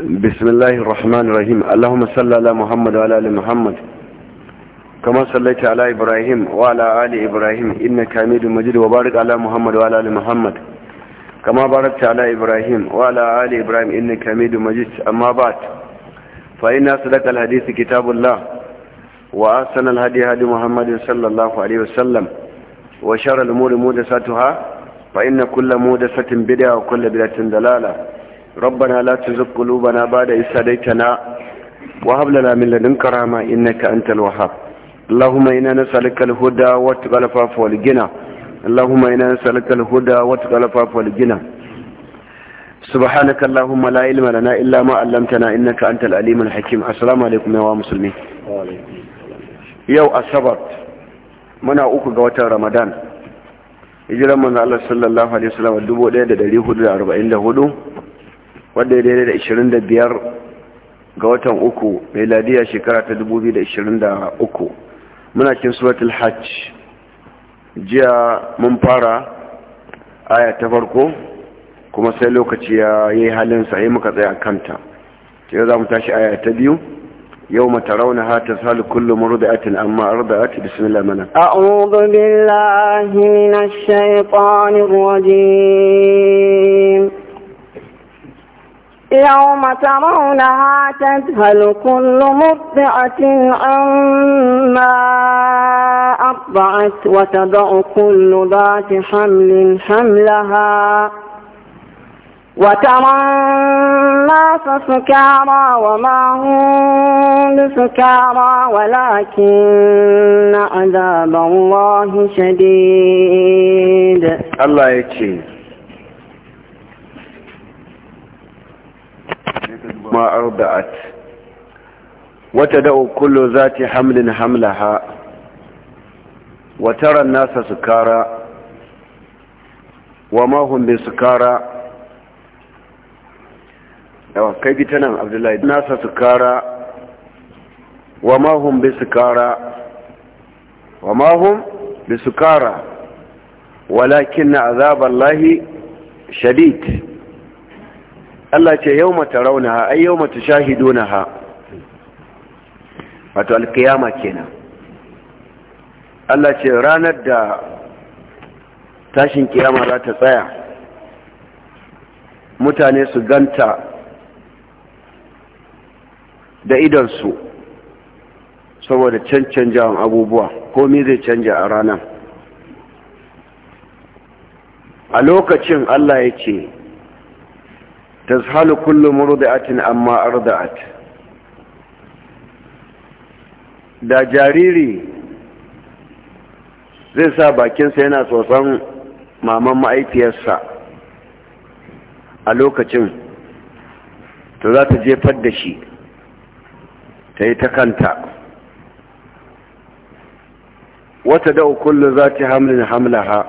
بسم الله الرحمن الرحيم اللهم صل على محمد وعلى ال محمد كما صليت على ابراهيم وعلى ال ابراهيم انك حميد مجيد وبارك على محمد وعلى ال محمد كما باركت على ابراهيم وعلى ال ابراهيم انك حميد مجيد اما بعد فان اصدق الحديث كتاب الله واحسن الهدي هدي محمد صلى الله عليه وسلم وشر الامور محدثاتها فان كل محدثه بدعه وكل بدعه ضلاله ربنا لا تزغ قلوبنا بعد إذ هديتنا وهب لنا من لدنك رحمة إنك أنت الوهاب اللهم إنا نسألك الهدى واتقى العفاف والغنى اللهم إنا نسألك الهدى واتقى العفاف والغنى سبحانك اللهم لا علم لنا إلا ما علمتنا إنك أنت العليم الحكيم السلام عليكم يا مسلمين يو أصبت منا أوكو قوة رمضان hijiran manzo Allah sallallahu alaihi wasallam 1444 wanda ya daidai da biyar ga watan uku mai meladiya shekara ta uku muna cikin suratul hajj jiya mun fara aya ta farko kuma sai lokaci ya yi halinsa ya muka tsaye a kanta ce za mu tashi aya ta biyu يوم ترونها تسهل كل مرضعة أما أرضعت بسم الله منا أعوذ بالله من الشيطان الرجيم يوم ترونها تذهل كل مرضعة عما أرضعت وتضع كل ذات حمل حملها وترى الناس سكارى وما هم بسكارى ولكن عذاب الله شديد الله يكفيك أرضعت وتدأ كل ذات حمل حملها وترى الناس سكارى وما هم بسكارى كيف تنام عبد الله الناس سكارى وما هم بسكارى وما هم بسكارى ولكن عذاب الله شديد Allah ce yau mata ha ai yau mata ha. wato alkiyama kenan Allah ce ranar da tashin kiyama za ta tsaya mutane su ganta da su saboda cancanjawan abubuwa komi zai canja a ranar a lokacin Allah ya ce tazhalu kullu murdi'atin amma arda'at da jariri zai sa bakinsa yana tsotson maman ma'aikiyarsa a lokacin to za ta jefar da shi ta yi ta kanta wata da kullu za ta hamlin hamlaha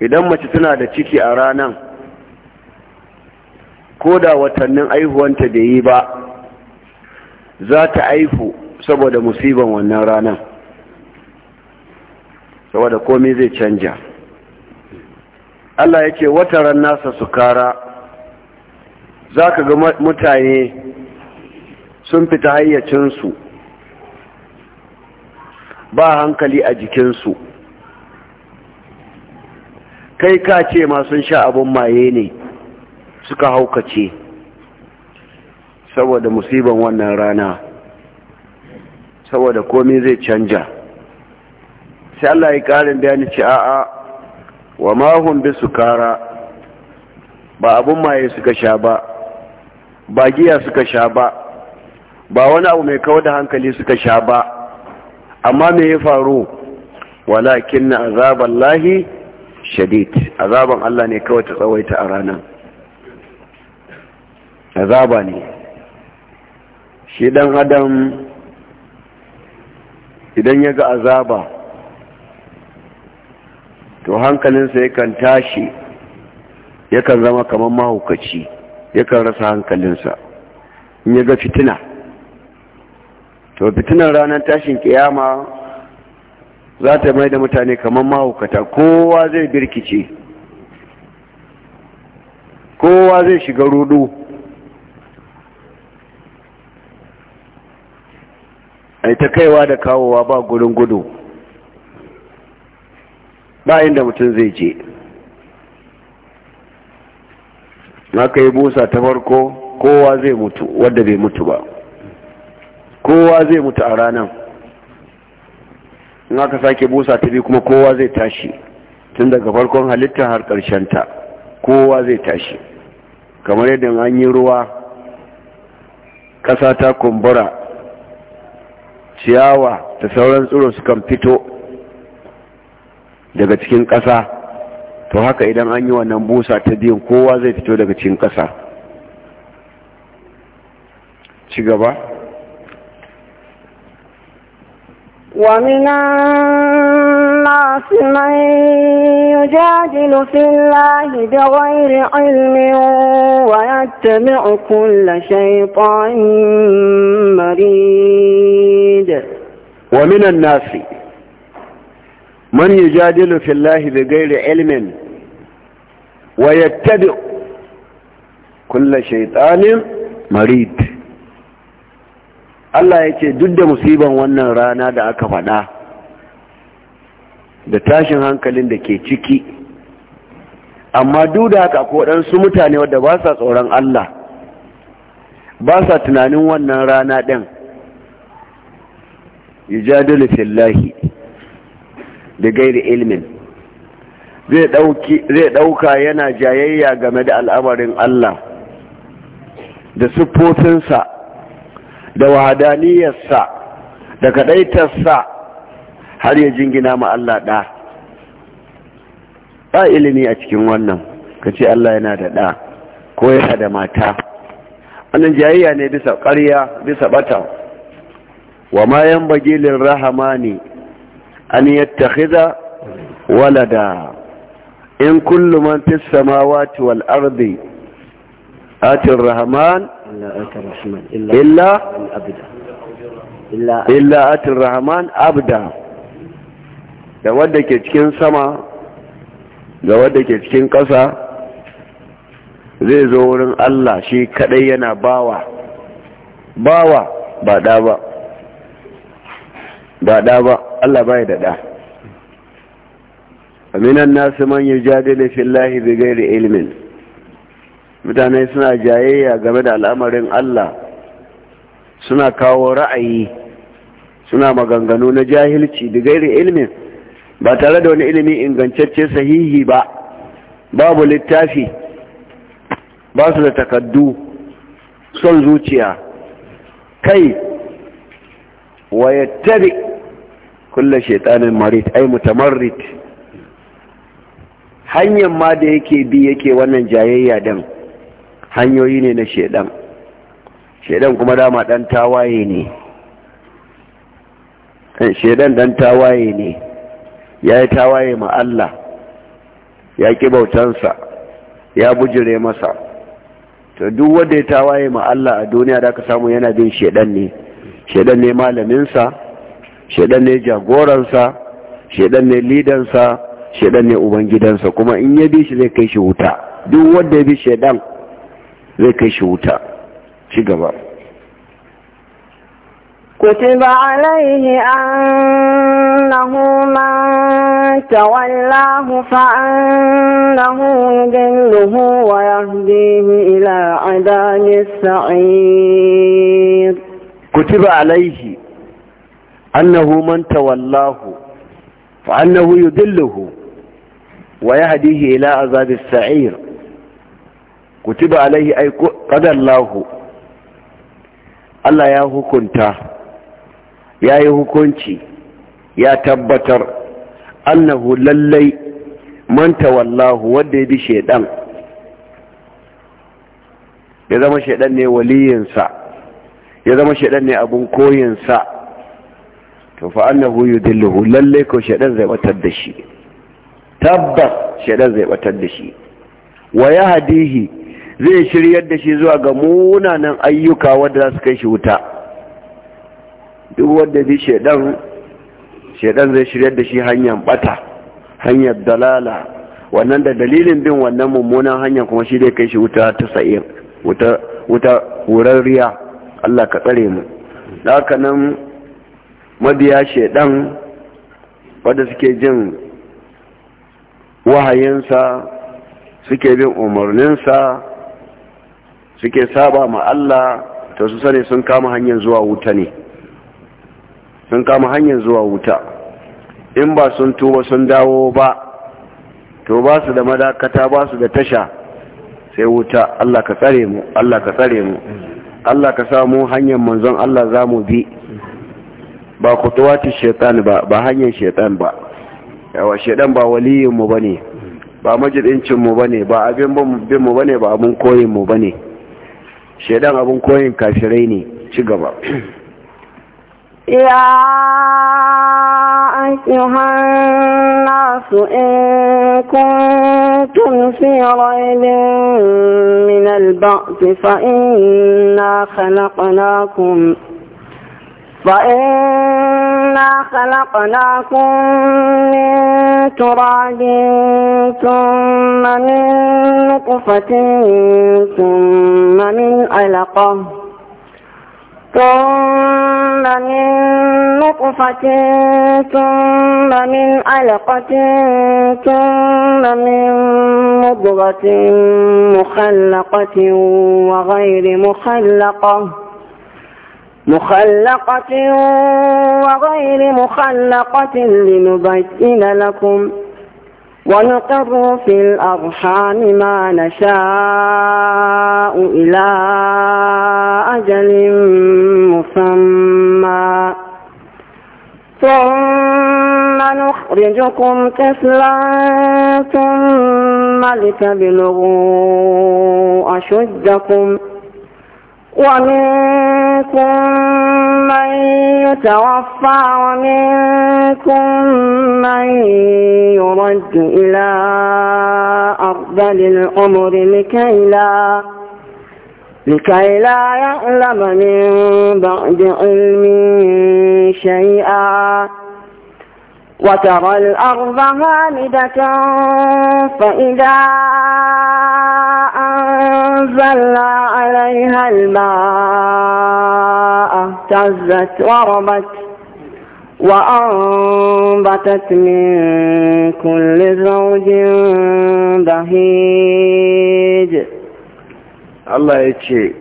idan mace tana da ciki a ranan ko da watannin aihuwanta da yi ba za ta aihu saboda musiban wannan ranar saboda komai zai canja Allah ya ce wataran nasa su kara za ka ga mutane sun fita hayyacinsu ba hankali a jikinsu kai ka ce ma sun sha abun maye ne suka haukace saboda musibin wannan rana saboda komai zai canja sai Allah ya karin bayani ce a'a wa hum bi sukara ba abun maye suka sha ba ba giya suka sha ba ba wani abu mai kawo da hankali suka sha ba amma me ya faru walakin azaballahi shadid azaban Allah ne kawai ta tsawaita a ranan. azaba ne shi dan adam idan ya ga azaba to hankalinsa yakan tashi yakan zama kamar mahaukaci yakan rasa hankalinsa in ya ga fitina to fitinan ranar tashin kiyama za ta mai da mutane kamar mahaukata kowa zai birkice kowa zai shiga rudu ai ta kaiwa da kawowa ba gurin gudu ba inda mutum zai je ka yi busa ta farko kowa zai mutu wadda bai mutu ba kowa zai mutu a ranar in aka sake busa ta biyu kuma kowa zai tashi tun daga farkon halitta har ta, kowa zai tashi kamar yadda an yi ruwa ƙasa ta kumbura ciyawa da sauran tsiro sukan fito daga cikin ƙasa to haka idan an yi wannan busa ta biyun kowa zai fito daga cikin ƙasa ci gaba minan الناس من يجادل في الله بغير علم ويتبع كل شيطان مريد ومن الناس من يجادل في الله بغير علم ويتبع كل شيطان مريد الله يتدد مصيبا وانا رانا musiban wannan da tashin hankalin da ke ciki amma duk da haka ko waɗansu mutane wadda ba sa tsoron Allah ba sa tunanin wannan rana ɗin yujadilu fillahi da gairi ilmin zai ɗauka yana jayayya game da al'amarin Allah da siffofinsa da wahadaniyarsa da kaɗaitarsa har ya jingina ma Allah ɗa ba ilimi a cikin wannan ka ce Allah yana da ɗa ko yana da mata wannan jayayya ne bisa ƙarya bisa ɓata wa ma yan bagilin ne. an yattakhidha walada in kullu man fis samawati wal ardi Atin rahman illa illa atir rahman abda da wadda ke cikin sama da wadda ke cikin ƙasa zai zo wurin Allah shi kadai yana bawa bawa ba ɗa ba ba ɗa ba Allah bai da ɗa aminan nasu man yi fillahi bigayri ilmin mutane suna jayayya game da al'amarin Allah suna kawo ra'ayi suna maganganu na jahilci bigayri ilmin ba tare da wani ilimi ingantacce sahihi ba babu littafi ba su da takaddu son zuciya kai wa yattabi shaitanin marit ai mutamarrit hanyar ma da yake bi yake wannan jayayya din hanyoyi ne na shaidan shaidan kuma dama dan tawaye ne shaidan dan tawaye ne ya yi tawaye ma Allah ya ƙi bautansa ya bujire masa to duk wanda ya tawaye ma Allah a duniya da aka samu yana bin shedan ne shedan ne malaminsa shedan ne jagoransa shedan ne lidansa shedan ne ubangidansa kuma in ya bi shi zai kai shi wuta duk wanda ya bi shedan zai kai shi wuta ci gaba كتب عليه أنه من تولاه فأنه يضله ويهديه إلى عذاب السعير كتب عليه أنه من تولاه فأنه يضله ويهديه إلى عذاب السعير كتب عليه أي قد الله Allah ya hukunta ya yi hukunci يا تبتر annahu lallai manta wallahu wanda ya bi shaidan ya zama shaidan ne waliyinsa ya zama shaidan ne abun koyinsa to fa annahu yudilluhu lallai ko shaidan zai batar da shi tabbas shaidan zai batar da shi wa ya hadihi zai shiryar da shi zuwa ga munanan ayyuka wanda za su kai shi wuta duk wanda bi shaidan shaidan zai shirya da shi hanyar bata hanyar dalala wannan da dalilin bin wannan mummunan hanyar kuma shi zai kai shi wuta ta sa'ir wuta wurarriya Allah ka tsare mu haka nan mabiya shaidan wadda suke jin wahayinsa suke bin umarninsa suke saba ma Allah to su sani sun kama hanyar zuwa wuta ne sun kama hanyar zuwa wuta in ba sun tuba sun dawo ba to ba su da madakata ba su da tasha sai wuta Allah ka tsare mu Allah ka tsare mu Allah ka samu hanyar manzon Allah za mu bi ba ku kutuwatin shaitan ba ba hanyar shaitan ba yawa shaitan ba waliyin mu bane ba majidincin mu bane ba abin bin mu bane ba abin koyin mu bane shaitan abin koyin kafirai ne ci gaba يا أيها الناس إن كنتم في ريب من البعث فإنا خلقناكم فإنا خلقناكم من تراب ثم من نطفة ثم من علقة ثم من نطفة ثم من علقة ثم من مضغة مخلقة وغير مخلقة مخلقة وغير مخلقة لنبين لكم ونقر في الأرحام ما نشاء إلى أجل مسمى ثم نخرجكم كسلا ثم لتبلغوا أشدكم ومنكم من يتوفى ومنكم من يرد إلى أرذل العمر لكي لا لكي لا يعلم من بعد علم شيئا وترى الأرض هامدة فإذا أنزلنا عليها الماء اهتزت وربت وأنبتت من كل زوج بهيج الله يتشي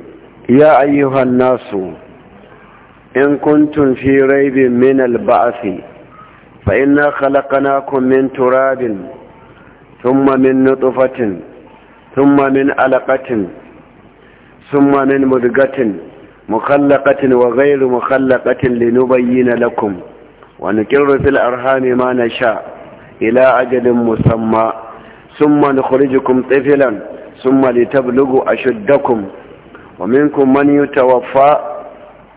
يا أيها الناس إن كنتم في ريب من البعث فإنا خلقناكم من تراب ثم من نطفة ثم من علقة ثم من مدقة مخلقة وغير مخلقة لنبين لكم ونكر في الأرهام ما نشاء إلى أجل مسمى ثم نخرجكم طفلا ثم لتبلغوا أشدكم ومنكم من يتوفى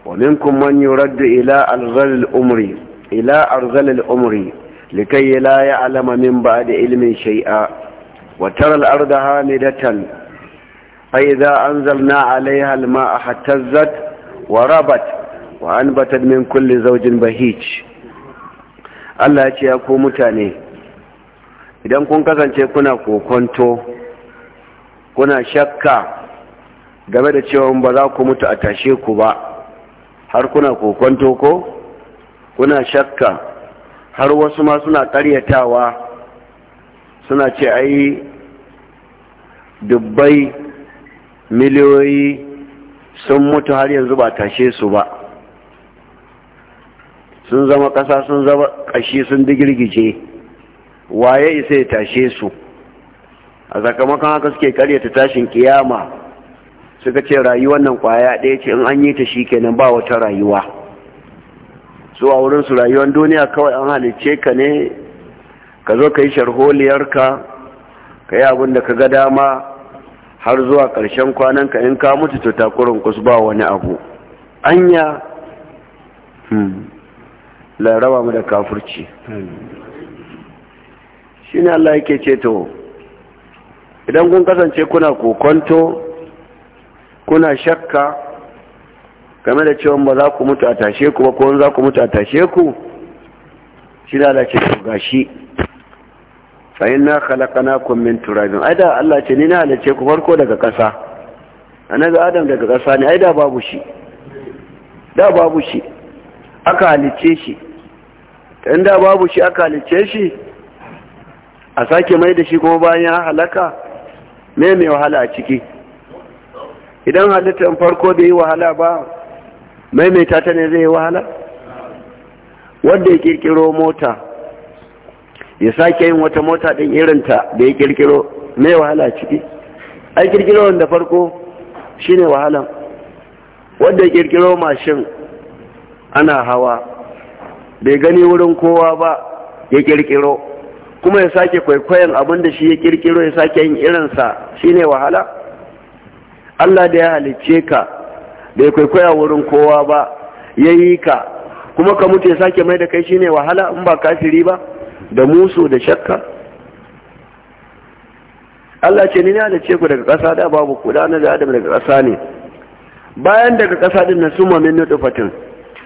ومنكم من يرد إلى الغل الأمري ila arzalil umri likai la alama min ba'di ilmin shai'a. wa tara al-arda hamidatan fa idza anzalna 'alayha al a hatazzat wa rabat wa batar min kulle zaujin bahij Allah ya ce ya ku mutane idan kun kasance kuna kokonto kuna shakka game da cewa ba za ku mutu a tashe ku ba har kuna kokonto ko kuna shakka har wasu ma suna karyatawa suna ce ai dubbai miliyoyi sun mutu har yanzu ba tashe su ba sun zama ƙasa sun zama ƙashi sun digirgije waye isa ya tashe su a sakamakon haka suke karyata tashin kiyama suka ce rayuwar nan kwaya ɗaya ce in an yi ta shi kenan ba wata rayuwa zuwa wurin su rayuwar duniya kawai an halice ka ne ka zo ka yi sharholiyarka ka yi abin da ka ga dama har zuwa ƙarshen kwanan ka in ka mutu to takurin kusa ba wani abu anya hmm, laraba mu da kafurci shi ne Allah yake ce to idan kun kasance kuna kokonto kuna shakka game da cewa ba za ku mutu a tashe ku ba ko za ku mutu a tashe ku shi lalace ku gashi fa inna khalaqnakum min turabin ai da Allah ce ni na halice ku farko daga ƙasa annabi adam daga ƙasa ne ai da babu shi da babu shi aka halice shi in da babu shi aka halice shi a sake mai da shi kuma bayan ya halaka me mai wahala a ciki idan halittar farko da yi wahala ba maimaita ta ne zai wahala wanda ya kirkiro mota ya sake yin wata mota din irinta da ya kirkiro mai wahala ciki ai kirkiro wanda farko shine wahalan wanda ya kirkiro mashin ana hawa bai gani wurin kowa ba ya kirkiro kuma ya sake kwaikwayon abin da shi ya kirkiro ya sake yin irinsa shine wahala Allah da ya halicce ka bai kwaikwaya wurin kowa ba ya yi ka kuma ka mutu ya sake mai da kai shine wahala in ba kafiri ba da musu da shakka Allah ce ni na da ce ku daga ƙasa da babu ku da na da adam daga ƙasa ne bayan daga ƙasa din na suma min nutufatin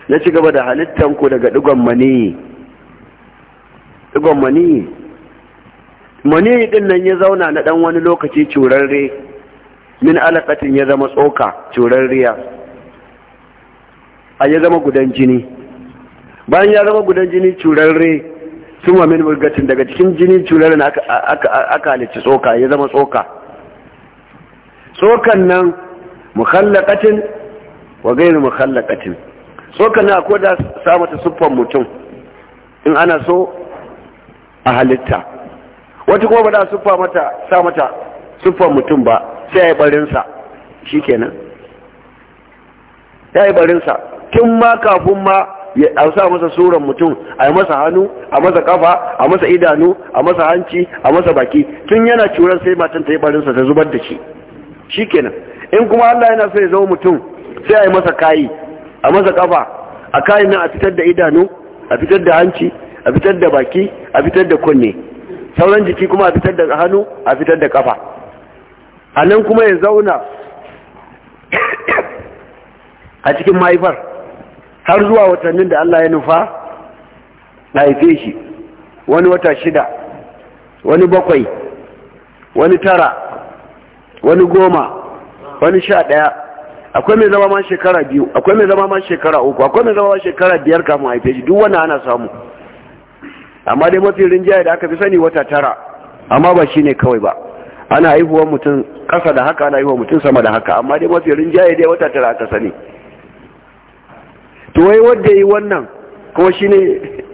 na ci gaba da halittan ku daga digon maniyi digon maniyi maniyi din nan ya zauna na dan wani lokaci curarre min alaqatin ya zama tsoka curarriya a ya zama gudan jini bayan ya zama gudan jini curarre sun wamin burgatin daga cikin jini curarren aka halicci tsoka ya zama tsoka tsokan nan mukhallaqatin wa gairu mukhallaqatin tsokan nan akwai da samu ta siffar mutum in ana so a halitta wata kuma ba da siffa mata samu ta siffar mutum ba sai ya yi barinsa shikenan ya yi barinsa tun ma kafin ma ya sa masa suran mutum a masa hannu a masa kafa a masa idanu a masa hanci a masa baki tun yana curan sai matan ta yi barinsa ta zubar da shi kenan, in kuma Allah yana so ya zama mutum sai a yi masa kayi a masa kafa a kayin nan a fitar da idanu a fitar da hanci a fitar da baki a fitar da kunne sauran jiki kuma a fitar da hannu a fitar da kafa a nan kuma ya zauna a cikin mahaifar har zuwa watannin da Allah ya nufa na haife shi wani wata shida wani bakwai wani tara wani goma wani sha ɗaya akwai mai zama ma shekara biyu akwai mai zama ma shekara uku akwai mai zama ma shekara biyar kamun haife shi duk wani ana samu amma dai mafi rinjaye da aka fi sani wata tara amma ba shi ne kawai ba ana haihuwar mutum ƙasa da haka ana haihuwar mutum sama da haka amma dai mafi rinjaye dai wata tara aka sani to wai wanda yi wannan kuma shi ne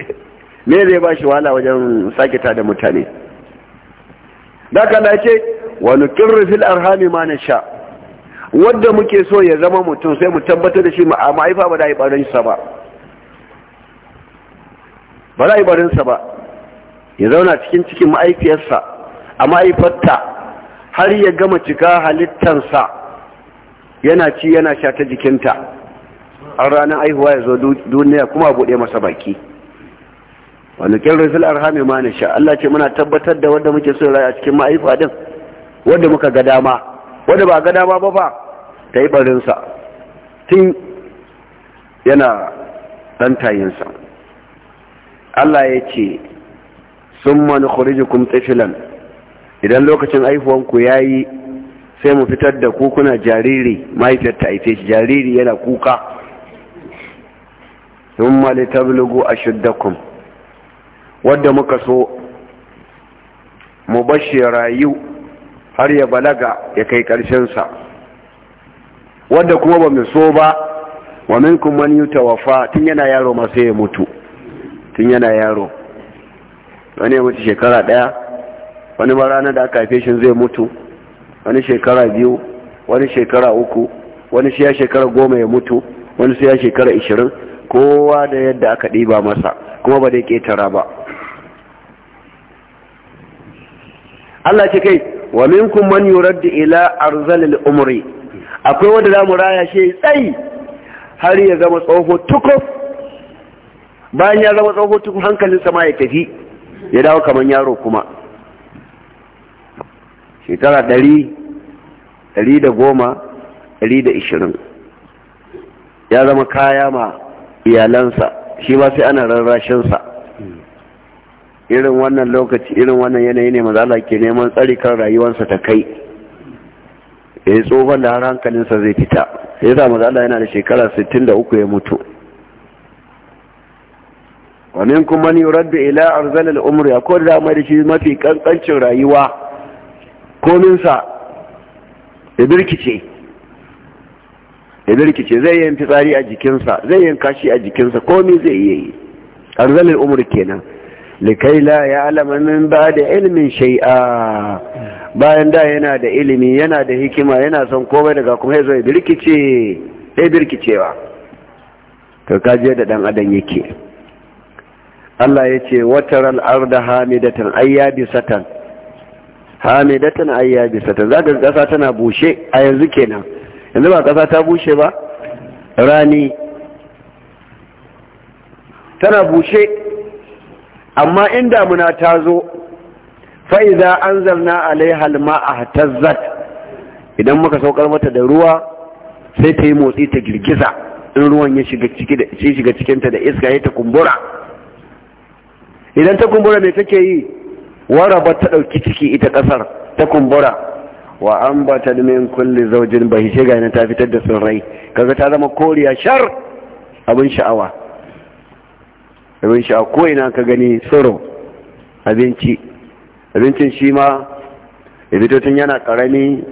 me zai ba shi wahala wajen sake ta da mutane da ka lace wani kirri fil arhami ma na sha wadda muke so ya zama mutum sai mu tabbatar da shi a ma'aifa ba da yi barinsa ba ba da yi sa ba ya zauna cikin cikin ma'aifiyarsa a ma'aifarta har ya gama cika halittansa yana ci yana sha ta jikinta an ranar aihuwa ya zo duniya kuma buɗe masa baki wani kyanar zai arhami ma na sha Allah ce muna tabbatar da wanda muke so rai a cikin ma'aifa din wanda muka ga dama wanda ba ga dama ba fa ta yi ɓarinsa. tun yana ɗan tayinsa Allah ya ce sun mani khurijukum tsifilan idan lokacin aihuwanku ya yi sai mu fitar da ku kuna jariri mahaifiyar ta haife shi jariri yana kuka thumma litablugu ashuddakum wadda muka so mu bashi rayu har ya balaga ya kai ƙarshen sa wadda kuma ba mu so ba wa minkum man yutawaffa tun yana yaro ma sai ya mutu tun yana yaro wani ya mutu shekara ɗaya, wani ma ranar da aka haife shi zai mutu wani shekara biyu wani shekara uku wani sai ya shekara goma ya mutu wani sai ya shekara ishirin kowa da yadda aka ɗiba masa kuma ba dai ƙetara ba Allah ce kai wa minkum man yuraddu ila arzalil umri akwai wanda za mu raya shi tsayi har ya zama tsoho tukuf bayan ya zama tsoho tukuf hankalinsa ma ya tafi ya dawo kamar yaro kuma shekara ɗari ɗari da goma ɗari da ishirin ya zama kaya ma iyalansa shi ba sai ana rarrashinsa irin wannan lokaci irin wannan yanayi ne mazala ke neman tsari kan rayuwarsa ta kai ya eh, tsohon da har hankalinsa zai fita ya za mazala yana da shekara 63 ya mutu Wani kuma ni rabbi ila arzalar umri a kodin dama da shi mafi kankancin rayuwa kominsa ya birkice ya rikice zai yin fitsari a jikinsa zai yin kashi a jikinsa komai zai iya yi arzalin umar kenan likai la ya alama min ba da ilimin shai'a bayan da yana da ilimi yana da hikima yana son komai daga kuma ya zo ya birkice sai birkicewa to da dan adam yake Allah ya ce wataral da hamidatan ayyabi satan hamidatan ayyabi satan zaka kasa tana bushe a yanzu kenan yanzu ba ƙasa ta bushe ba rani tana bushe amma in damuna ta zo fa'iza an zarna alaihal ma'a tazzat idan muka saukar mata da ruwa sai ta yi motsi ta girgiza in ruwan ya shiga cikinta da iska ya ta kumbura idan ta kumbura mai take yi wara ba ta ɗauki ciki ita ƙasar ta kumbura wa ambatat min kulli bai shi ga ta fitar da tsirrai kaga ta zama koriya shar abin sha'awa abin sha'awa ko ina ka gani tsiro abinci abincin shi ma ibitotun yana karami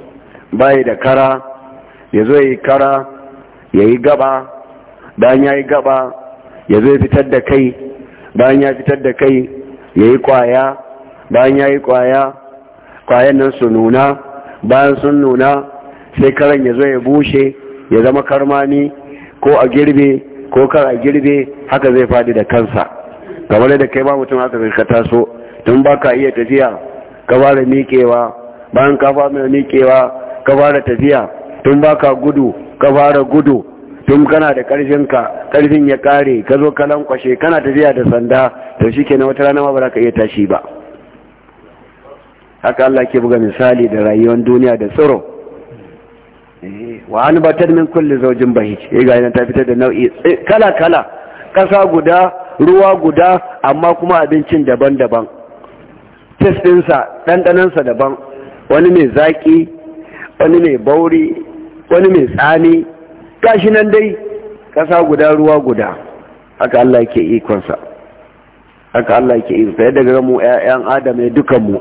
bayi da kara ya zo yi kara ya yi gaba bayan ya yi gaba ya zo fitar da kai bayan ya fitar da kai ya yi kwaya bayan ya yi kwaya kwayan nan su nuna bayan sun nuna sai karan ya zo ya bushe ya zama karmami ko a girbe ko kar a girbe haka zai fadi da kansa kamar da kai ba mutum haka zai ka taso tun ba ka iya tafiya ka fara miƙewa bayan ka fara miƙewa ka fara tafiya tun ba ka gudu ka fara gudu tun kana da ƙarfin ka ƙarfin ya ƙare ka zo ka lankwashe kana tafiya da sanda to shikenan wata rana ma ba za ka iya tashi ba haka Allah ke buga misali da rayuwar duniya da tsoro. Eh, wa ba batar min kulli zaujin bahij eh ga yana ta fitar da nau'i eh, kala kala kasa guda ruwa guda amma kuma abincin daban-daban taste ɗinsa ɗanɗanansa daban wani mai zaƙi wani mai bauri wani mai tsani gashi nan dai kasa guda ruwa guda haka Allah ke ikonsa haka Allah ke ikonsa yadda ga mu ƴaƴan Adam ne dukan mu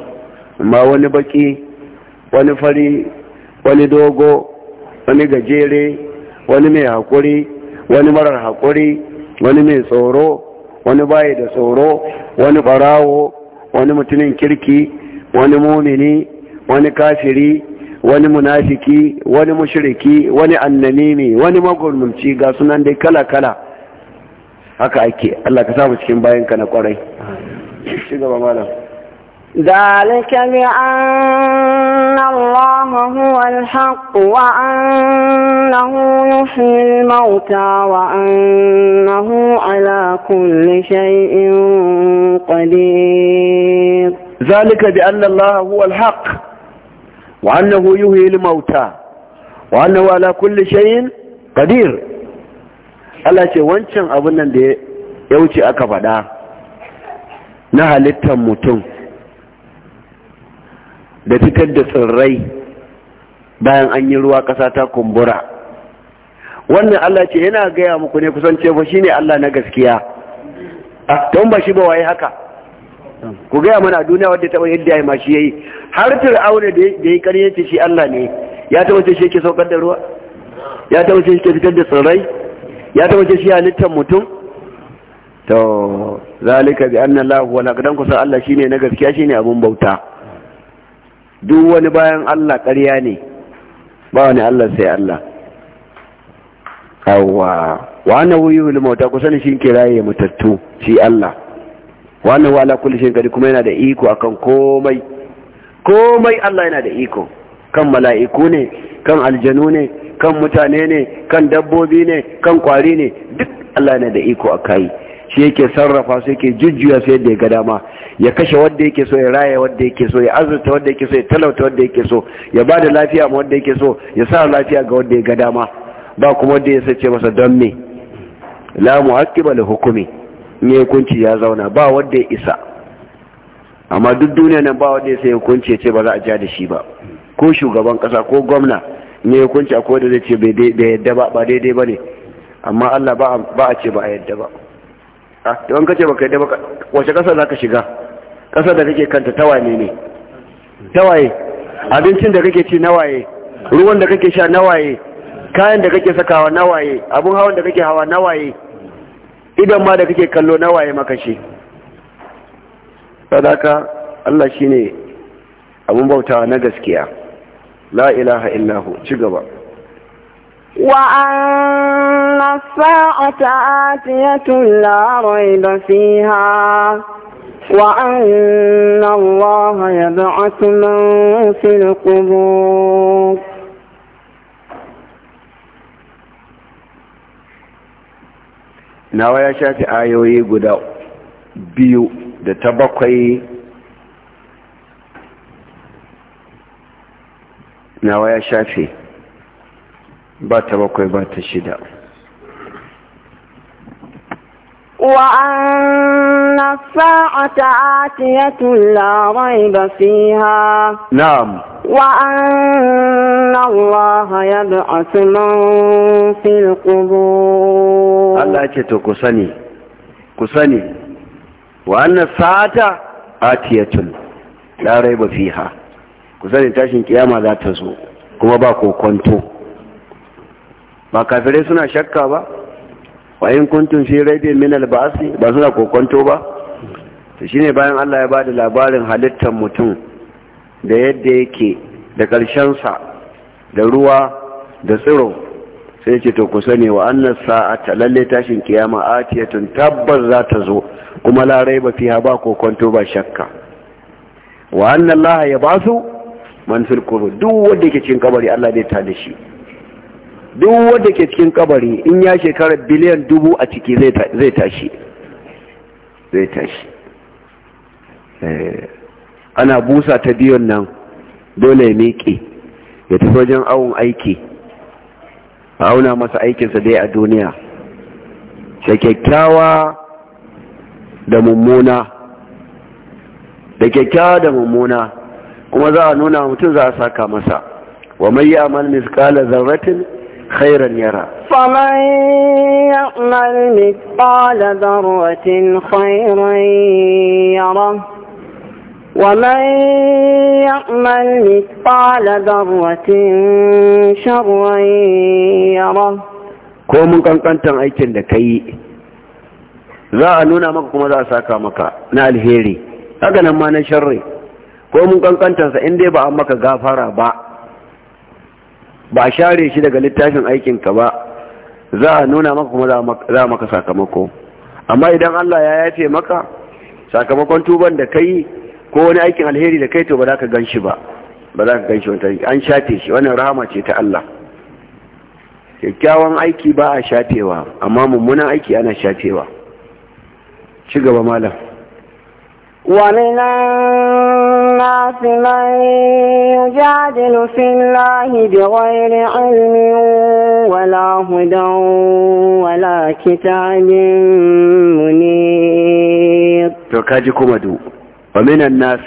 amma wani baki wani fari wani dogo wani gajere wani mai hakuri wani marar hakuri wani mai tsoro wani baya da tsoro wani barawo wani mutumin kirki wani mumini wani kafiri wani munafiki wani mushiriki wani annanimi wani magulmumci ga sunan dai kala-kala haka ake Allah ka samu cikin bayanka na kwarai. shiga ba malam. ذلك بأن الله هو الحق وأنه يحيي الموتى وأنه على كل شيء قدير ذلك بأن الله هو الحق وأنه يحيي الموتى وأنه على كل شيء قدير Allah ce wancan abin nan da ya wuce aka faɗa na halittar mutum da fitar da tsirrai bayan an yi ruwa ƙasa ta kumbura wannan Allah ce yana gaya muku ne kusan cefa shi ne Allah na gaskiya a don ba shi ba waye haka ku gaya mana duniya wadda taɓa yadda ya mashi ya yi har fir'auna da ya yi ce shi Allah ne ya taɓa ce shi yake saukar da ruwa ya taɓa ce shi ke fitar da tsirrai ya taɓa ce shi halittar mutum to zalika bi anna Allah wal aqdam kusa Allah shine na gaskiya shine abun bauta duk wani bayan Allah ƙarya ne ba wani Allah sai Allah yawwa wa wuyi yuhil mauta ku sani shi ke raye mutattu shi Allah wa annahu wala kulli shi gari kuma yana da iko akan komai komai Allah yana da iko kan mala'iku ne kan aljanu ne kan mutane ne kan dabbobi ne kan kwari ne duk Allah yana da iko a akai shi yake sarrafa su yake jujjuya su yadda ya ga dama ya kashe wanda yake so ya raya wanda yake so ya azurta wanda yake so ya talauta wanda yake so ya ba da lafiya ma wanda yake so ya sa lafiya ga wanda ya ga dama ba kuma wanda ya sace masa don me la muhaqqiba li hukumi in hukunci ya zauna ba wanda ya isa amma duk duniya nan ba wanda ya sai hukunci ya ce ba za a ja da shi ba ko shugaban kasa ko gwamna in ya hukunci akwai wanda zai ce bai yadda ba ba daidai ba ne amma Allah ba a ce ba a yadda ba a yawan kace baka yi da baka wace kasa za ka shiga kasa da kake kanta tawane ne tawaye abincin da kake ci nawaye ruwan da kake sha nawaye kayan da kake sakawa nawaye abun hawan da kake hawa nawaye idan ma da kake kallo nawaye makashi sadaka Allah shine abun bautawa na gaskiya la ilaha illahu ci gaba وأن الساعة آتية لا ريب فيها وأن الله يبعث من في القبور nawa ya shafi ayoyi guda biyu da ta bakwai ya ba ta bakwai ba ta shida wa'anna sa'ata atiyatun larai ba fi ha na'am wa'anna allaha ya da'a sunan fil kubo allah ce to ku sani ku sani wa'anna sa'ata atiyatun larai ba fi ha ku sani tashin kiyama za ta zo kuma ba kokonto kwanto ba kafirai suna shakka ba wa in kuntum fi raibin min al-ba'si ba suna kokonto ba to shine bayan Allah ya ba da labarin halittar mutum da yadda yake da karshen sa da ruwa da tsiro sai ce to ku sani wa annas sa'ata lalle tashin kiyama atiyatun tabbas za ta zo kuma larai raiba fiha ba kokonto ba shakka wa anna Allah ya basu man fil duk wanda yake cikin kabari Allah zai tada shi duk wanda ke cikin kabari in ya shekara biliyan dubu a ciki zai tashi zai tashi eh, ana busa ta biyun nan dole ya miƙe ya tafi wajen awon aiki a auna masa aikinsa dai a duniya da kyakkyawa da mummuna da kyakkyawa da mummuna kuma za a nuna mutum za a saka masa wa mai yi amal miskalar zarratin خيرا يرى فمن يعمل مثقال ذرة خيرا يرى ومن يعمل مثقال ذرة شرا يرى ko mun kankantan aikin da za a nuna maka kuma za a saka maka na alheri haka nan ma na sharri ko mun kankantansa in dai ba an maka gafara ba ba a share shi daga littafin aikinka ba za a nuna maka kuma za maka sakamako amma idan Allah ya yafe maka sakamakon tuban da kai ko wani aikin alheri da kai to ba za ka gan shi ba ba za ka gan shi an shafe shi wannan rahama ce ta Allah kyakkyawan aiki ba a shafewa amma mummunan aiki ana shafewa ci gaba malam ومن الناس من يجادل في الله بغير علم ولا هدى ولا كتاب منير تركاجي كمدو ومن الناس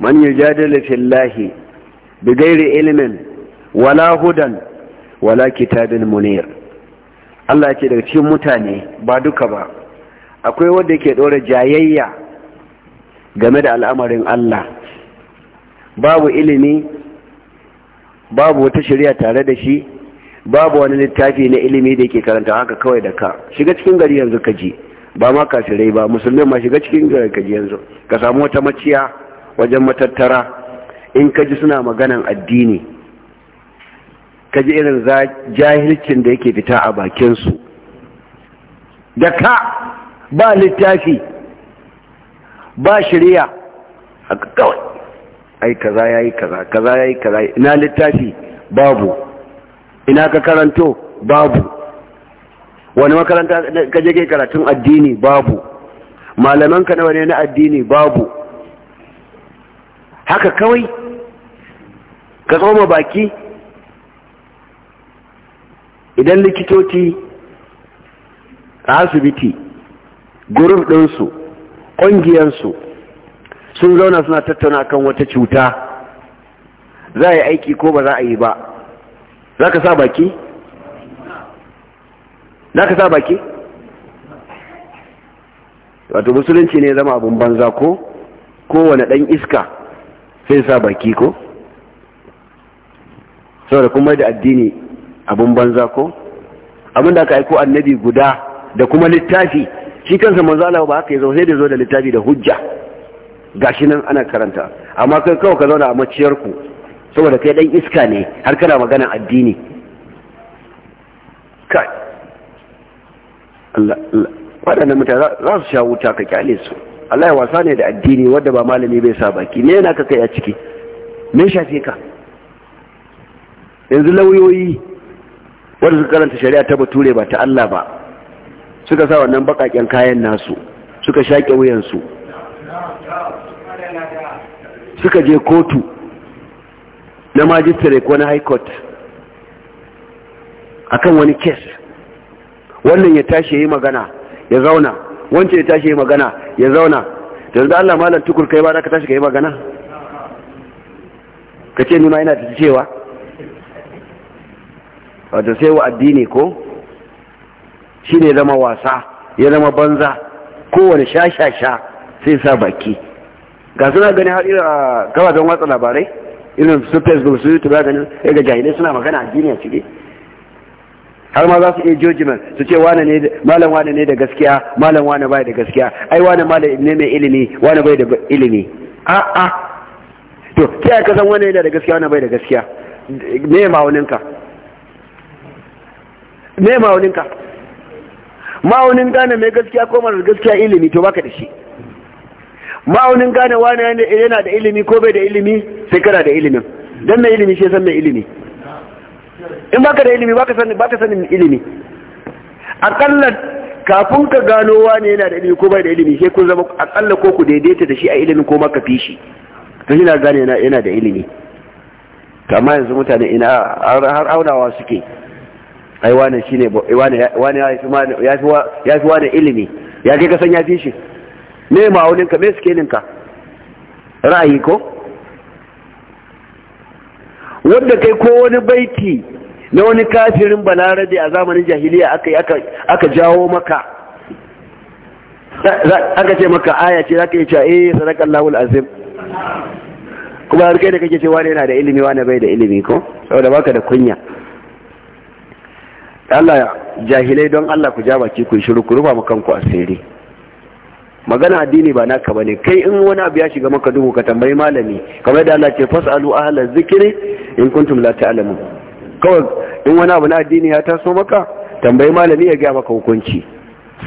من يجادل في الله بغير علم ولا هدى ولا كتاب منير Allah ce daga cikin mutane ba duka ba akwai wanda ke ɗora jayayya game da al'amarin Allah babu ilimi babu wata shirya tare da shi babu wani littafi na ilimi da ke karanta haka kawai da ka shiga cikin gari yanzu ka ji ba ma kafirai ba musulmi ma shiga cikin gari ka ji yanzu ka samu wata maciya wajen matattara in ka ji suna maganan addini ka ji irin jahilcin da yake fita a bakinsu da ka ba littafi ba shirya haka kawai ai kaza yayi kaza kaza yayi kaza ina littafi babu ina ka karanto babu wani makaranta ka je karatun addini babu malaman ka nawa ne na addini babu haka kawai ka tsoma baki idan likitoci a asibiti gurin ɗinsu ƙungiyarsu sun zauna suna tattauna kan wata cuta za a yi aiki ko ba za a yi ba za ka sa baki? za ka sa baki? wato musulunci ne zama abin banza ko kowane ɗan iska sai sa baki ko? saboda kuma da addini abin banza ko? abin da aka aiko annabi guda da kuma littafi shi kansa manzo Allah ba haka ya zo sai da zo da littafi da hujja gashi nan ana karanta amma kai kawai ka zauna a maciyar ku saboda kai dan iska ne har kana magana addini kai Allah waɗannan mutane za su sha wuta ka kyale su Allah ya wasa ne da addini wanda ba malami bai sa baki me yana ka kai a ciki me shafe ka yanzu lauyoyi wanda suka karanta shari'a ta bature ba ta Allah ba suka sa wannan bakaken kayan nasu suka shaƙe wuyansu suka je kotu na majistare ko na high court akan wani kes wannan ya tashi yi magana ya zauna wancan ya tashi yi magana ya zauna da yanzu Allah malar tukur kai ba za ka tashi ka yi magana ka ce nuna yana ta cewa Wata sai wa addini ko Shi ne zama wasa ya zama banza kowane sha-sha-sha sai sa baki ga suna gani har irin a ah, watsa labarai irin su facebook su youtube ganin ya ga jahilai suna magana addini a cike har ma za su iya jojiman su ce wane ne malam wane ne da gaskiya malam wane bai da gaskiya ai wane malam ne mai ilimi wane bai da ilimi a'a to ke ka san wane yana da gaskiya wane bai da gaskiya me ma'auninka me ma'auninka ma'aunin gane mai gaskiya ko marar gaskiya ilimi to baka da shi ma'aunin gane wani yana da ilimi ko bai da ilimi sai kana da ilimin dan mai ilimi shi san mai ilimi in baka da ilimi baka sanin baka ilimi akalla kafin ka gano wani yana da ilimi ko bai da ilimi sai kun zama akalla ko ku daidaita da shi a ilimin ko maka fi shi to shi na gane yana da ilimi kama yanzu mutane ina har aunawa suke ai wannan shine wani wani ya fi ya fi wani ilimi ya kai ka san ya fi shi me ma'aunin ka me nin ka ra'ayi ko wanda kai ko wani baiti na wani kafirin balarabe a zamanin jahiliya aka aka jawo maka aka ce maka aya ce zaka yi cewa eh sadaqallahu alazim kuma har kai da kake cewa ne yana da ilimi wani bai da ilimi ko saboda baka da kunya Allah jahilai don Allah ku ja ki ku yi shiru ku rufa kanku asiri magana addini ba naka bane kai in wani abu ya shiga maka duhu ka tambayi malami kamar da Allah ce fasalu ahla zikri in kuntum la ta'lamu kawai in wani abu na addini ya taso maka tambayi malami ya ga maka hukunci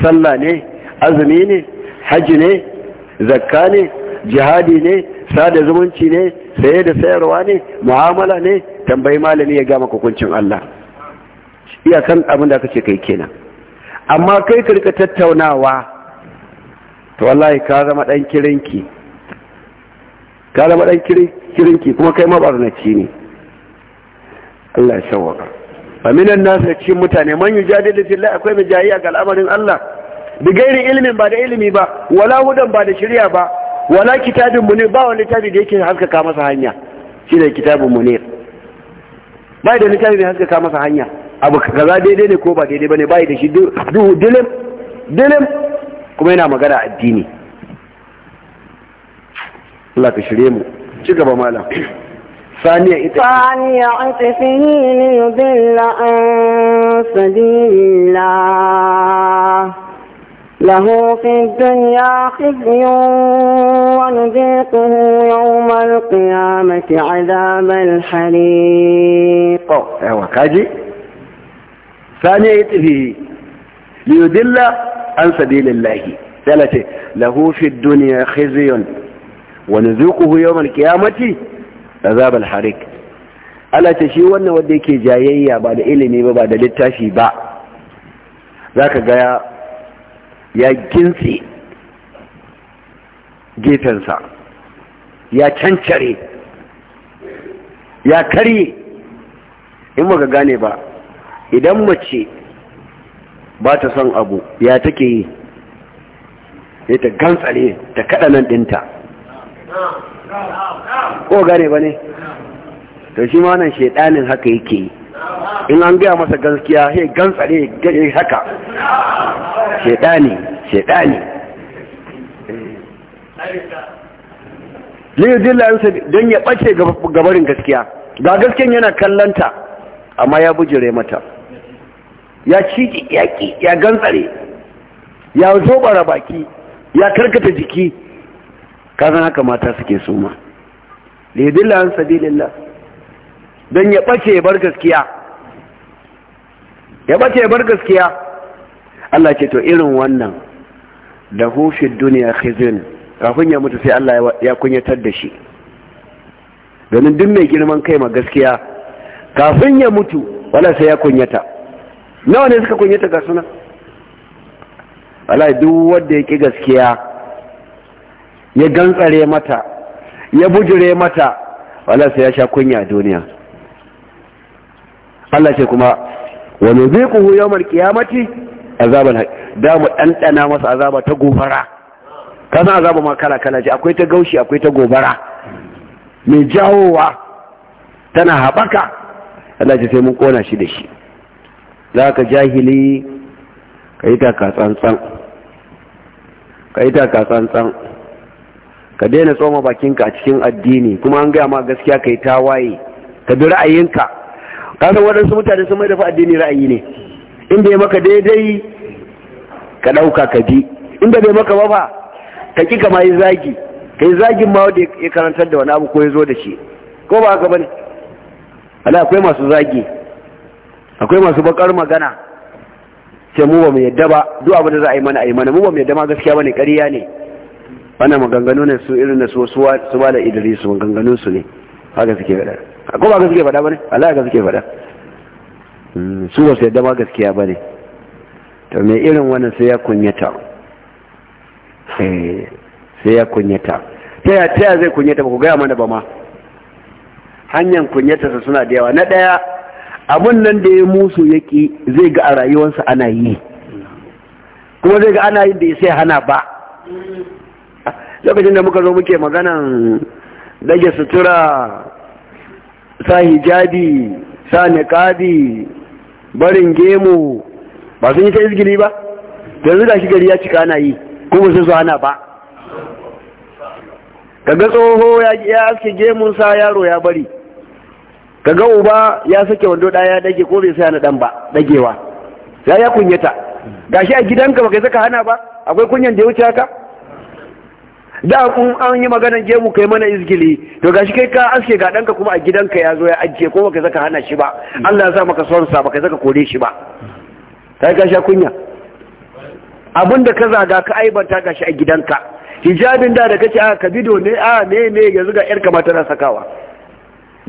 sallah ne azumi ne haji ne zakka ne jihadi ne sada zumunci ne saye da sayarwa ne mu'amala ne tambayi malami ya ga maka hukuncin Allah iyakan abin da aka ce kai kenan amma kai ka rika tattaunawa to wallahi ka zama dan kirinki ka zama dan kirinki kuma kai mabarnaci ne Allah ya sawaka fa minan nas ya cikin mutane man yujadilu fillah akwai mujahiya ga al'amarin Allah bi gairi ilimin ba da ilimi ba wala hudan ba da shari'a ba wala kitabin munir ba wani tabi da yake haskaka masa hanya shine kitabun munir bai da tabi da haskaka masa hanya abu kaza daidai ne ko ba daidai bane bai da shi duhu dilim dilim kuma yana magana addini Allah ka shirye mu ci gaba malam ثانية عطفه ثانية عطفه ليضل عن سبيل الله له في الدنيا خزي ونذيقه يوم القيامة عذاب الحريق أيوة كاجي sani ya tafi liyudilla an sabilillahi sai la ce lahu fi dunya khizyun wa nuzuquhu yawm al-qiyamati azab al-harik Allah ce shi wannan wanda yake jayayya ba da ilimi ba da littafi ba zaka ga ya gintse gefensa ya cancare ya karye in ba ka gane ba idan mace ba ta son abu ya take yi ya ta gantsare ta kaɗa nan ɗinta ko gane ba ne ta shi ma nan shaidanin haka yake yi in an gaya masa gaskiya sai gantsare gare haka shaidani shaidani liyudin layansa don ya ɓace gabarin gaskiya ga gaskiyan yana kallanta amma ya bujire mata ya ciki yaƙi ya gantsare ya zobara baki ya karkata jiki kasan haka mata suke suma lidilla sabilillah don ya ɓace ya bar gaskiya ya ɓace bar gaskiya Allah ce to irin wannan da hufin duniya khizin kafin ya mutu sai Allah ya kunyatar da shi domin duk mai girman kai ma gaskiya kafin ya mutu wala sai ya kunyata nawa ne suka kunyata ga suna wallahi duk wanda ya gaskiya ya gantsare mata ya bujure mata wallahi sai ya sha kunya a duniya Allah ce kuma wa nuziquhu yawmal qiyamati azaban da mu dandana masa azaba ta gobara kana azaba ma kala kala ce akwai ta gaushi akwai ta gobara mai jawowa tana habaka Allah ce sai mun kona shi da shi za ka jahili ka yi taka tsantsan ka yi taka tsantsan ka daina tsoma bakinka a cikin addini kuma an gaya ma gaskiya ka yi tawaye ka bi ra'ayinka kasan waɗansu mutane sun mai dafa addini ra'ayi ne inda ya maka daidai ka ɗauka ka bi inda bai maka ba ba ka ƙi kama yi zagi ka yi zagin ma wanda ya karantar da wani abu ko ya zo da shi ko ba haka ba ne ala akwai masu zagi akwai masu bakar magana ce mu ba mu yadda ba duk abin da za a yi mana a yi mana mu ba mu yadda ma gaskiya bane ƙarya ne Ana maganganu ne su irin da su su ba da idris maganganun su ne haka suke faɗa ko ba suke faɗa bane Allah ga suke faɗa hmm, su ba su yadda ma gaskiya bane to me irin wannan sai ya kunyata eh, sai ya kunyata ta ya zai kunyata ba ku gaya mana ba ma hanyar su suna da yawa na ɗaya abun nan da ya musu yake zai ga a rayuwarsa ana yi kuma zai ga ana yin da ya sai hana ba lokacin da muka zo muke maganan dage sutura sa hijabi sa niqabi barin gemu ba sun yi ta izgili ba yanzu da shi gari ya cika ana yi kuma sun hana ba kaga tsoho ya aske gemunsa yaro ya bari Ka ga uba ya sake wando ɗaya ya dage ko bai saya na dan ba dagewa ya ya kunyata gashi a gidanka ba kai saka hana ba akwai kunyan da ya wuce haka da kun an yi maganar gemu kai mana izgili to gashi kai ka aske ga d'anka kuma a gidanka ya zo ya ajiye ko kai saka hana shi ba Allah ya sa maka son sa kai saka kore shi ba kai ka sha kunya abinda ka zaga ka aibanta gashi a gidanka hijabin da da kace a ka bido ne a ne ne yanzu ga yar kamata na sakawa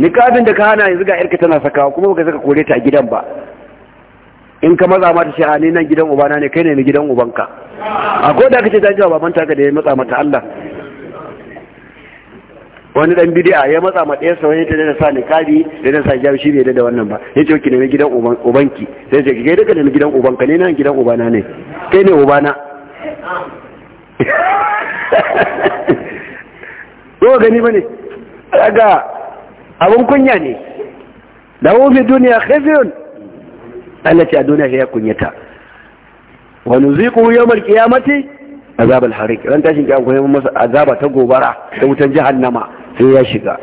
nikafin da ka hana yanzu ga yarka tana sakawa kuma baka saka kore ta a gidan ba in ka maza mata shi a ni nan gidan ubana ne kai ne ni gidan ubanka a ko da kace ta jiwa baban ta ka da ya matsa mata Allah wani dan bid'a ya matsa mata ɗaya sai ta da sa niqabi da da sa jabi shi bai da wannan ba yace ki ne gidan uban ubanki sai ce kai daga ne gidan ubanka ne nan gidan ubana ne kai ne ubana ko gani bane kaga abun kunya ne lahu fi duniya khizyun Allah ce a duniya ya kunyata wa yawm al qiyamati azab al-hariq ran tashin kiyama ko masa azaba ta gobara ta wutan jahannama sai ya shiga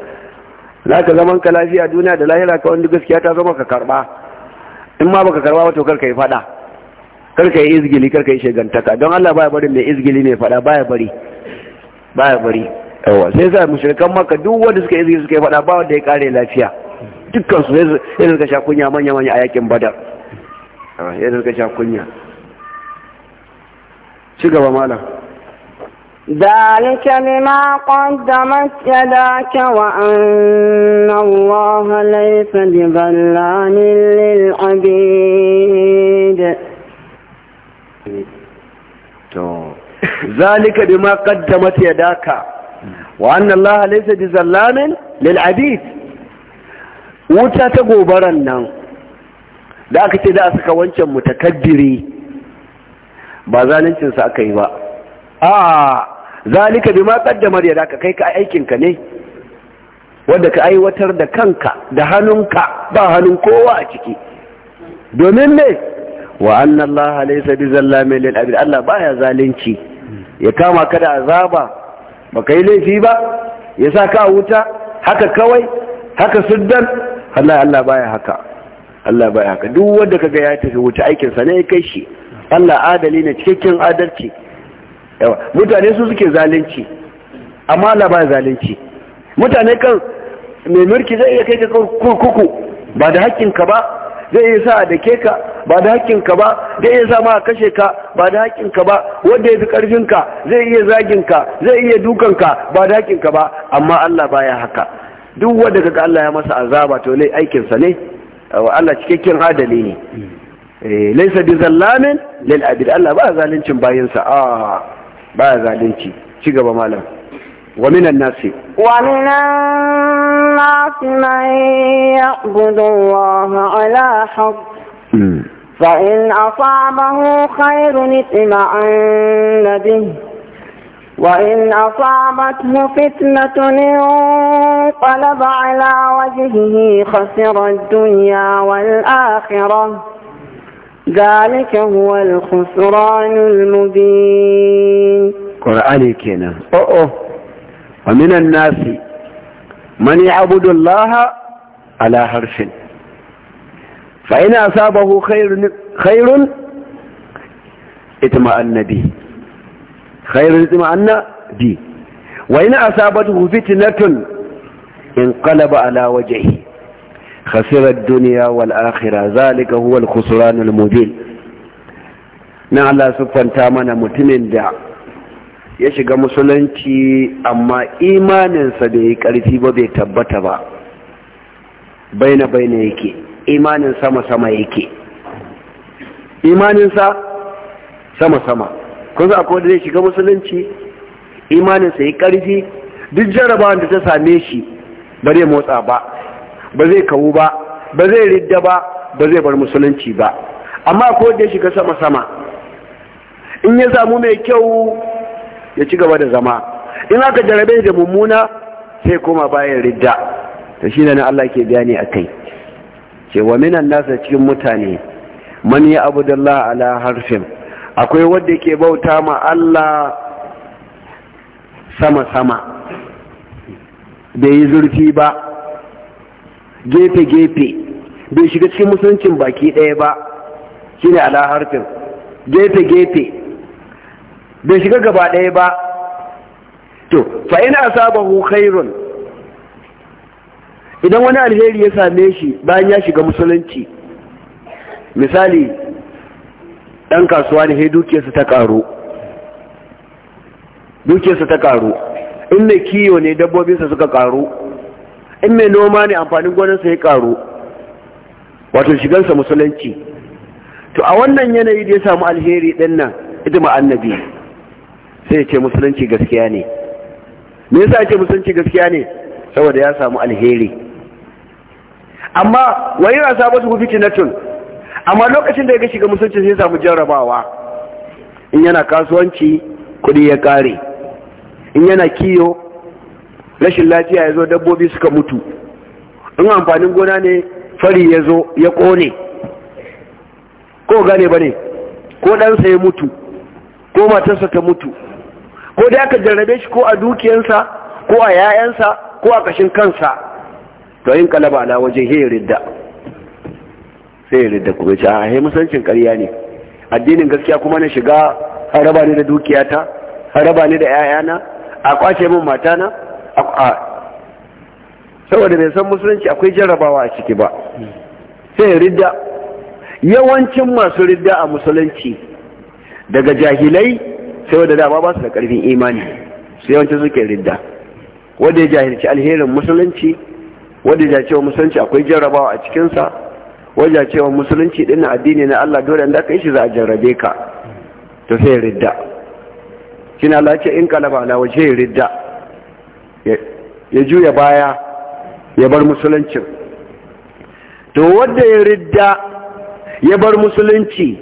zaka zaman ka lafiya duniya da lahira ka wanda gaskiya ta zama ka karba in ma baka karba ba to kar ka yi fada kar ka yi izgili kar ka yi shegantaka don Allah baya bari mai izgili mai fada baya bari baya bari yawa sai sa mushrikan maka duk wanda suka izini suka fada ba wanda ya kare lafiya dukkan su sai suka sha kunya manya manya a yakin badar ya suka sha kunya ci gaba malam ذلك بما قدمت يداك وأن الله ليس بظلام للعبيد ذلك بما قدمت يداك wa anna allaha laysa bizallamin lil wuta ta gobaran nan da aka ce da a saka wancan mutakabbiri ba zalincinsa aka yi ba a zalika ma qaddamar ya daka kai ka aikin ka ne Wadda ka aiwatar da kanka da hannunka ba hannun kowa a ciki domin ne wa anna allaha laysa bizallamin lil abid allah baya zalunci ya kama ka da azaba baka yi laifi ba ya sa ka wuta haka kawai haka suddan Allah Allah baya haka Allah baya haka duk wanda kaga ya tafi wuta aikin sa ne ya kai shi Allah adali ne cikakken adalci yawa mutane su suke zalunci amma Allah baya zalunci mutane kan mai mulki zai iya kai ka kuku ba da hakkin ka ba zai iya sa da ke ka ba da haƙƙinka ba zai iya sa ma kashe ka ba da haƙƙinka ba wanda ya fi ƙarfinka zai iya zaginka zai iya dukanka ba da haƙƙinka ba amma Allah baya haka duk wanda kaga Allah ya masa azaba to lai aikinsa ne Allah cikakken adali ne eh, laisa bi zallamin lil abid Allah ba zalincin bayinsa a ah, ba zalunci ci gaba malam wa minan nasi wa minan الناس من يعبد الله على حب فإن أصابه خير اطمأن به وإن أصابته فتنة انقلب على وجهه خسر الدنيا والآخرة ذلك هو الخسران المبين قرآني كنا أوه ومن الناس من يعبد الله على حرف فإن أصابه خير خير اطمأن به خير اطمأن به وإن أصابته فتنة انقلب على وجهه خسر الدنيا والآخرة ذلك هو الخسران المبين na Allah siffanta mana mutumin ya shiga musulunci amma imaninsa da ya karfi ba bai tabbata ba baina baina yake imanin sama-sama yake imaninsa sama-sama kun za akwai zai shiga musulunci imaninsa ya karfi duk jarabawan da ta same shi ba zai motsa ba ba zai kawu ba ba zai ridda ba ba zai bar musulunci ba amma akwai ya shiga sama-sama in ya samu mai kyau ya ci gaba da zama in aka jarabe da mummuna sai kuma bayan ridda to shi ne Allah ke bayani akai ce wa minan nasa cikin mutane man ya abudallah ala harfin akwai wanda ke bauta ma Allah sama sama bai yi zurfi ba gefe gefe bai shiga cikin musuluncin baki ɗaya ba shine ala harfin gefe gefe bai shiga gaba ɗaya ba to fa in sabahu khairun idan wani alheri ya same shi bayan ya shiga musulunci misali ɗan kasuwa ne sai dukiyarsa ta ƙaru dukiyarsa ta ƙaru in mai kiyo ne dabbobinsa suka ƙaru in mai noma ne amfanin gwaninsa ya ƙaru wato shigarsa musulunci to a wannan yanayi da ya samu alheri ɗin nan ita annabi sai ce musulunci gaskiya ne me yasa ce musulunci gaskiya ne saboda ya samu alheri amma wai sabo su ba na tun amma lokacin da ya shiga musulunci sai ya samu jarrabawa in yana kasuwanci kuɗi ya ƙare in yana kiyo rashin lafiya ya zo dabbobi suka mutu in amfanin gona ne fari ya ya ƙone ko gane ba ne ko ɗansa ya mutu ko matarsa ta mutu ko dai aka jarrabe shi ko a dukiyarsa ko a yayansa ko a kashin kansa to yin kalaba na waje he ridda sai ridda kuma ce a he musancin ƙarya ne addinin gaskiya kuma na shiga haraba ne da dukiyata haraba ne da yayana a kwace min matana a saboda bai san musulunci akwai jarrabawa a ciki ba sai ridda yawancin masu ridda a musulunci daga jahilai sai wadda dama ba su da karfin imani sai yawanci suke ridda wadda ya jahilci alherin musulunci wadda ya cewa musulunci akwai jarrabawa a cikinsa wadda ya cewa musulunci din addini na Allah dole in da ka shi za a jarrabe ka to sai ridda kina Allah in kalaba na waje ridda ya juya baya ya bar musuluncin to wadda ya ridda ya bar musulunci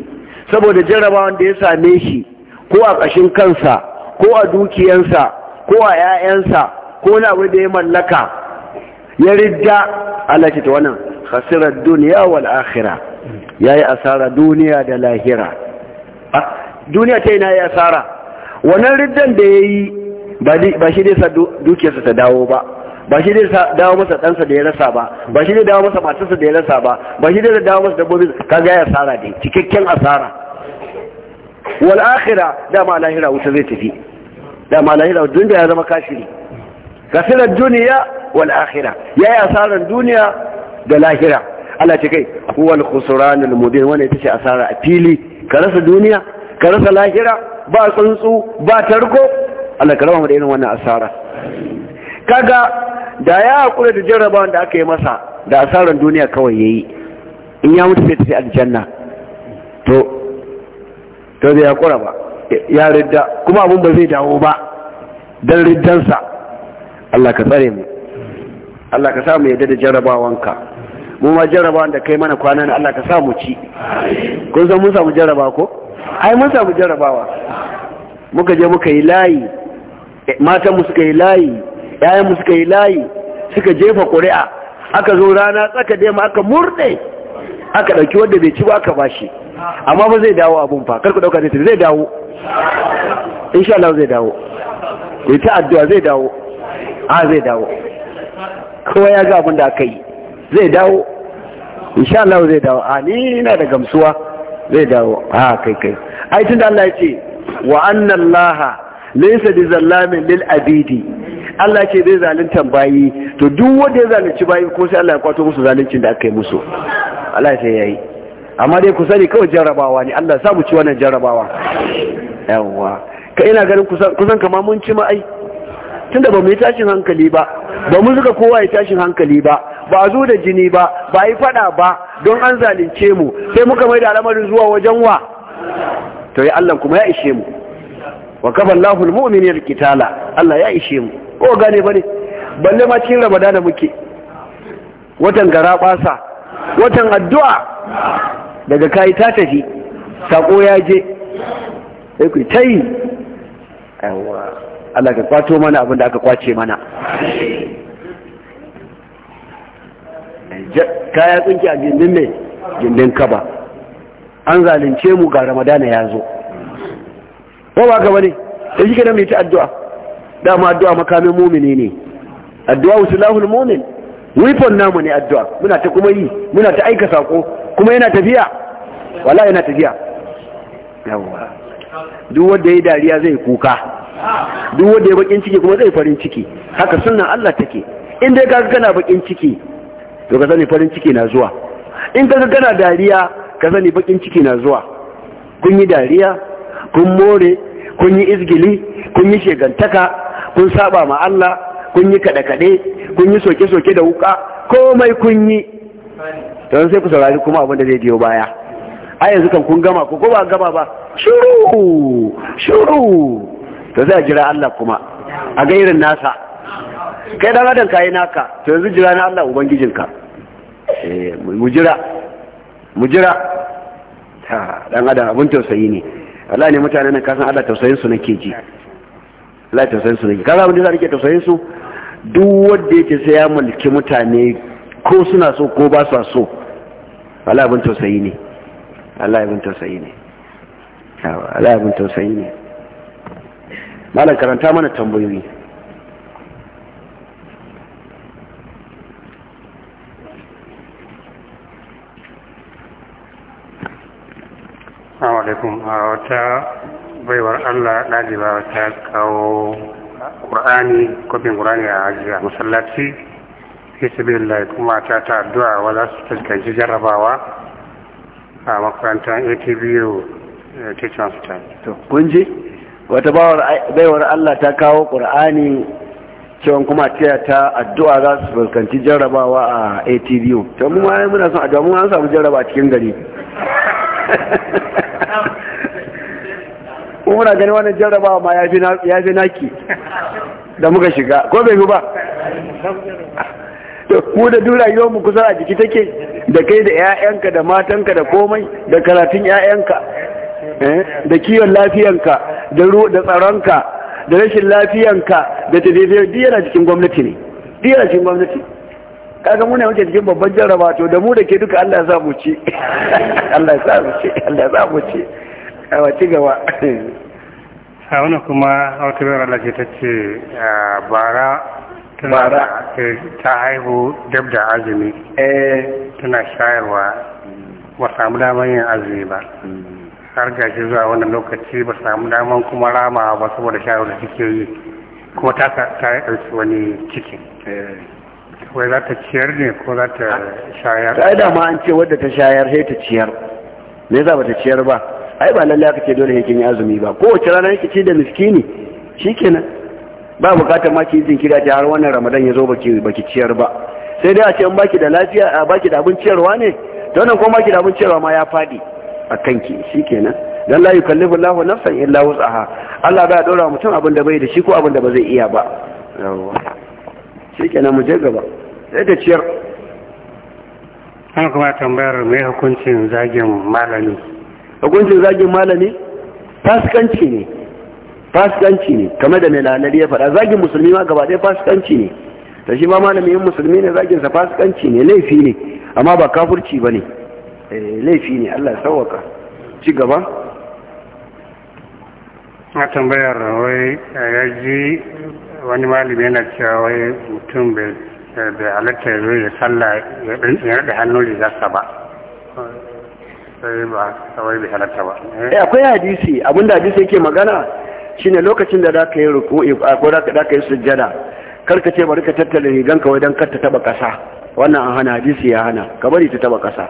saboda jarrabawan da ya same shi ko a ƙashin kansa ko a dukiyansa ko a 'ya'yansa ko na abu da ya mallaka ya ridda Allah ce ta wannan hasirar duniya wal akhira yi asara duniya da lahira ah, duniya ta yi na yi asara wannan riddan da ya yi ba shi nesa dukiyarsa ta dawo ba ba shi nesa dawo masa ɗansa da ya rasa ba ba shi dai dawo masa matarsa da ya rasa ba ba shi nesa dawo masa dabbobi kaga ya asara dai cikakken asara Wal'akira, da dama lahira wuta zai tafi dama lahira dun ya zama kashiri kasirar duniya wal'akira. ya yi asarar duniya da lahira Allah ce kai huwal khusranul mubin wani ita ce asara a fili ka rasa duniya ka rasa lahira ba tsuntsu ba tarko Allah ka mu da irin wannan asara kaga da ya haƙura da jarrabawan da aka yi masa da asarar duniya kawai ya yi. in ya mutu sai ta aljanna to to zai hakura ba ya ridda kuma abin ba zai dawo ba don riddansa Allah ka tsare mu Allah ka samu yadda da jarrabawanka mu ma jarrabawan da kai mana kwanan Allah ka samu ci kun san mun samu jaraba ko ai mun samu jarrabawa muka je muka yi layi matan mu suka yi layi yayan mu suka yi layi suka jefa ƙuri'a aka zo rana tsaka dai ma aka murde aka ɗauki wanda bai ci ba aka bashi amma ba zai dawo abun fa karku dauka ne zai dawo insha Allah zai dawo ku ta addu'a zai dawo a ah, zai dawo kowa ya ga abin da aka yi zai dawo insha Allah zai dawo a ah, ni ina da gamsuwa zai dawo a ah, kai kai ai da Allah ya ce wa anna Allah laysa bizallamin lil abidi Allah ce zai zalunta bayi to duk wanda ya zalunci bayi ko sai Allah ya kwato musu zaluncin da aka yi musu Allah sai yayi amma dai ku sani kawai jarrabawa ne Allah samu ci wannan jarrabawa yawwa ka ina ganin kusan kama mun ci ma'ai tunda ba mu yi tashin hankali ba ba mu suka kowa ya tashin hankali ba ba a zo da jini ba ba yi fada ba don an zalunce mu sai muka mai da al'amarin zuwa wajen wa to ya Allah kuma ya ishe mu wa kafa Allahul mu'minina kitala Allah ya ishe mu ko gane bane balle ma cikin Ramadana muke watan gara basa watan addu'a daga kayi ta tafi sako ya je sai ku ta yi Allah ka kwato mana abin da aka kwace mana kaya tsinki a gindin mai gindin kaba an zalunce mu ga ramadana ya zo ko ba gaba ne da shi ke nan mai ta addu'a dama addu'a makamin mumini ne addu'a usulahul mumini wifon namu ne addu'a muna ta kuma yi muna ta aika sako kuma yana tafiya wala yana tafiya yawwa duk wanda ya dariya zai kuka duk wanda ya bakin ciki kuma zai farin ciki haka sunnan Allah take in dai kaga kana bakin ciki to ka sani farin ciki na zuwa in kaga kana dariya ka sani bakin ciki na zuwa kun yi dariya kun more kun yi izgili kun yi shegantaka kun saba ma Allah kun yi kaɗe-kaɗe kun yi soke-soke da wuka komai kun yi don sai ku saurari kuma abin da zai biyo baya a yanzu kan kun gama ko ba gama ba shuru shuru to zai jira Allah kuma a gairin nasa kai dan adam kayi naka to yanzu jira na Allah ubangijinka eh mu jira mu jira ta dan adam abin tausayi ne Allah ne mutanen nan kasan Allah tausayin su nake ji Allah tausayin su nake kaga abin da zan rike tausayin su duk wanda yake sai ya mulki mutane ko suna so ko ba su so Allah abin tausayi ne Allah abin tausayi ne Allah abin tausayi ne malam karanta mana tambayoyi Assalamu alaikum a wata baiwar Allah ɗajiba ta kawo ƙur'ani kofin ƙur'ani a ajiya masallaci fi sabilillah kuma ta ta addu'a wa za su fuskanci jarrabawa a makarantar atbu eh, teaching hospital to kun ji wata baiwar allah ta kawo ƙur'ani cewa kuma ta ta addu'a za su fuskanci jarrabawa a atbu to mu ma muna son addu'a mu an samu jarraba cikin gari ko muna gani wannan jarrabawa ma ya fi naki da muka shiga ko bai fi ba mu da yi mu kusa a jiki take da kai da 'ya'yanka da matanka da komai da karatun 'ya'yanka eh, da kiwon lafiyanka da da tsaronka da rashin lafiyanka da tafiyar diyar a cikin gwamnati ne diyar a cikin gwamnati kaga muna wuce cikin babban jarraba to da mu da ke duka Allah ya sa Allah ya sa mu ci Allah ya sa mu ci a ci gaba a wani kuma autubiyar Allah ce ta ce bara tana ta haihu dab da azumi eh. tana shayarwa ba samu daman yin azumi ba mm. har gashi zuwa wannan lokaci ba samu daman kuma rama ba saboda shayarwa da suke yi kuma ta ɗauki wani cikin eh. wai za ta ciyar ne ko za ta shayar ta dama an ce wadda ta shayar sai ta ciyar me za ba ta ciyar ba ai ba lalle aka ce dole yake yi azumi ba kowace rana yake ce da miskini shikenan ba bukatar ma ki kira ta har wannan ramadan ya zo baki baki ciyar ba sai dai a ce an baki da lafiya a baki da abin ciyarwa ne to nan kuma baki da abin ciyarwa ma ya fadi a kanki shikenan dan la yukallifu Allahu nafsan illa wus'aha Allah ba ya dora mutum abin da bai da shi ko abin da ba zai iya ba yawa shikenan mu je gaba sai da ciyar an kuma tambayar mai hukuncin zagin malami hukuncin zagin malami fasikanci ne fasikanci ne kamar da mai lalari ya faɗa zagin musulmi ma gaba ɗaya fasikanci ne da shi ma malami yin musulmi ne zagin sa fasikanci ne laifi ne amma ba kafurci ba ne eh, laifi ne Allah ya sauwaka ci gaba a tambayar wai ya ji wani malami yana cewa wai mutum bai halatta ya zo ya sallah ya rada hannun rigarsa ba sai ba kawai bai halatta ba eh akwai hadisi abinda hadisi yake magana shine lokacin da zaka yi ruku ko zaka yi sujjada karka ce bari ka tattala rigan wai dan kar ta taba kasa wannan an hana hadisi ya hana ka bari ta taba kasa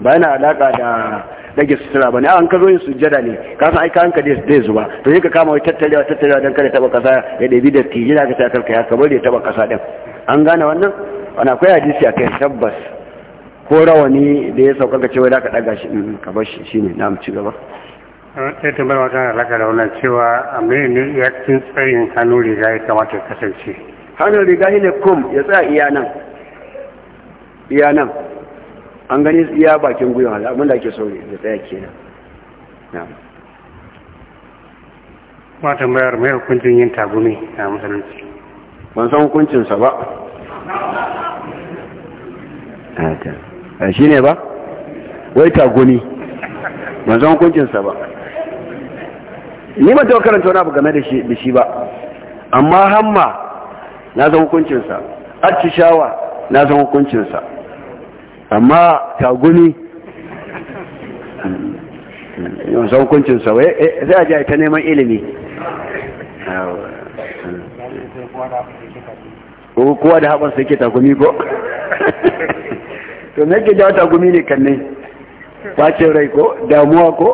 ba yana alaka da dage sutura ba ne an ka zo yin sujjada ne ka san ai kanka dai zuba to sai ka kama wai tattalewa tattalewa dan kada taba kasa ya bi da tijira ka ta karka ya ka bari ta taba kasa din an gane wannan wani akwai hadisi a kai tabbas ko rawani da ya sauka ka cewa da ka daga shi mm, ka bar shi ne na mace ci gaba sai tambar wata alaka da wannan cewa a menene ya cin tsayin hannun riga ya kamata ya kasance hannun riga shi ne kum ya tsaya iya nan iya nan an gani iya bakin gwiwa abin da ake so ya tsaya kenan na'am ba tambayar mai hukuncin yin tagumi a musulunci ban san hukuncinsa ba Eh, shi ne ba wai tagoni ban zan hukuncinsa ba ni ban taɓa karanta wani abu game da shi ba amma hamma na zan hukuncinsa attishawa na zan hukuncinsa amma taguni yawan zan hukuncinsa wai eh, eh, sai a jayi ta neman ilimi kowa da sai ke takumi ko to me ke jawata tagumi ne kan ne bacin rai ko damuwa ko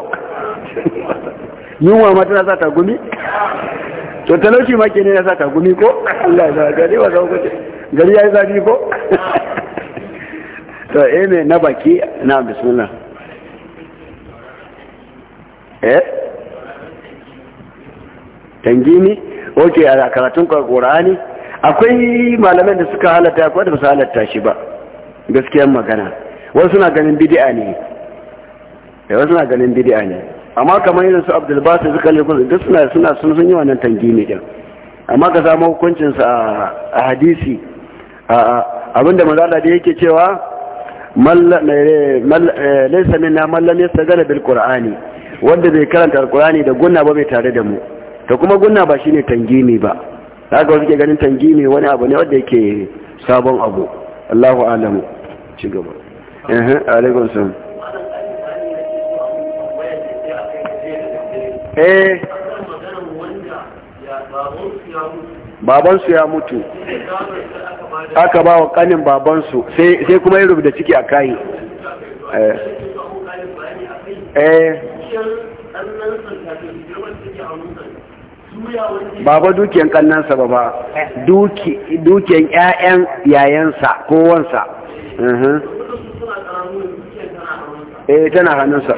yunwa ma tana sa tagumi to talauci ma ke ne na sa tagumi ko Allah ya gari wa zauka ce gari ya yi zafi ko to eh me na baki na bismillah eh tangini oke a karatun ƙorani? akwai malamai da suka halatta akwai da ba su halatta shi ba gaskiyar magana wasu suna ganin bid'a ne da eh, wasu suna ganin bid'a ne amma kamar su Abdul suka ne duk suna suna sun sun yi wannan ne din amma ka samu hukuncinsa a hadisi abinda mazala da yake cewa eh, laisa minna mallam ya yastagana bil qur'ani wanda bai karanta alqur'ani da gunna ba bai tare da mu to kuma gunna ba shine ne ba haka wasu ke ganin tangi ne wani abu ne wanda yake sabon abu Allahu alamu ci gaba alaikun sun eh babansu ya mutu aka ba wa kanin babansu sai kuma yi rubuta ciki a kayi eh, eh. ba dukiyan kannansa ba ba dukiyan 'ya'yan yayansa kowansa’. Mhm. eh tana hannunsa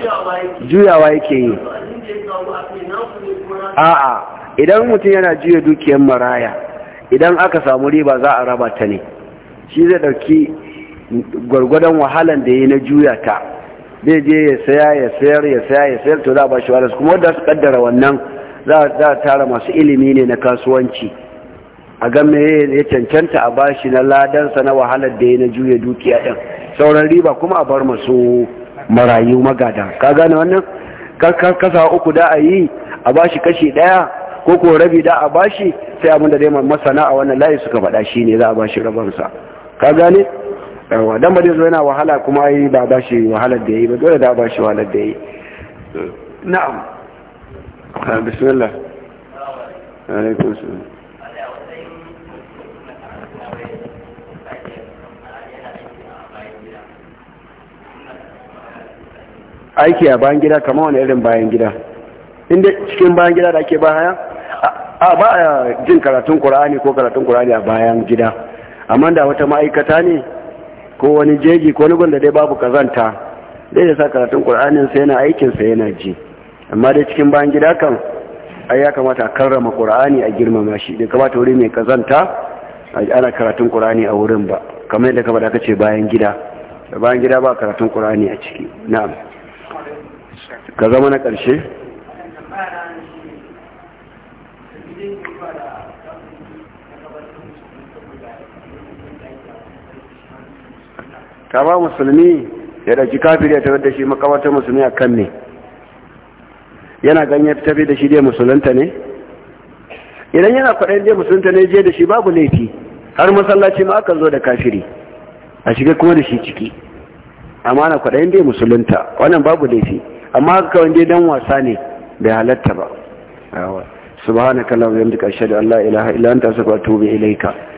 juyawa yake yi a'a idan mutum yana juya dukiyar maraya idan aka samu riba za a raba ta ne shi zai dauki gwargwadon wahalan da yi na juya ta zai je ya saya ya sayar ya saya ya sayar to za a ba shi wahalar kuma wanda su kaddara wannan za a tara masu ilimi ne na kasuwanci a ga ya cancanta a bashi na ladansa na wahalar da ya na juya dukiya ɗin sauran riba kuma a bar masu marayu magada ka gane wannan kasa uku da a yi a bashi kashi ɗaya ko ko rabi da a bashi sai abin da dai masana a wannan layi suka faɗa shi ne za a bashi rabarsa ka gane yawa dan ba zai zo yana wahala kuma yi ba bashi wahalar da ya yi ba dole da bashi wahalar da ya yi na'am bismillah alaikum salam aiki a bayan gida kamar wani irin bayan gida inda cikin bayan gida da ake ba haya a ba a jin karatun qur'ani ko karatun qur'ani a bayan gida amma da wata ma'aikata ne ko wani jeji ko wani gwanda dai babu kazanta dai da sa karatun qur'anin sa yana aikin sa yana ji amma dai cikin bayan gida kan ai ya kamata a karrama qur'ani a girmama shi bai kamata wuri mai kazanta ana karatun qur'ani a wurin ba kamar yadda kamar da ce bayan gida bayan gida ba karatun qur'ani a ciki na'am ka zama na ƙarshe ta ba musulmi ya ɗauki kafir ya tarar da shi makawatar musulmi a kan ne yana ganye tafi da shi dai musulunta ne idan yana kwaɗayin dai musulunta ne je da shi babu laifi har masallaci ma aka zo da kafiri a shiga kuma da shi ciki amma na kwaɗayin dai musulunta wannan babu laifi amma kawai dai dan wasa ne bai halatta ba subhanaka allahumma wa bihamdika ashhadu an la ilaha illa anta astaghfiruka wa atubu ilayka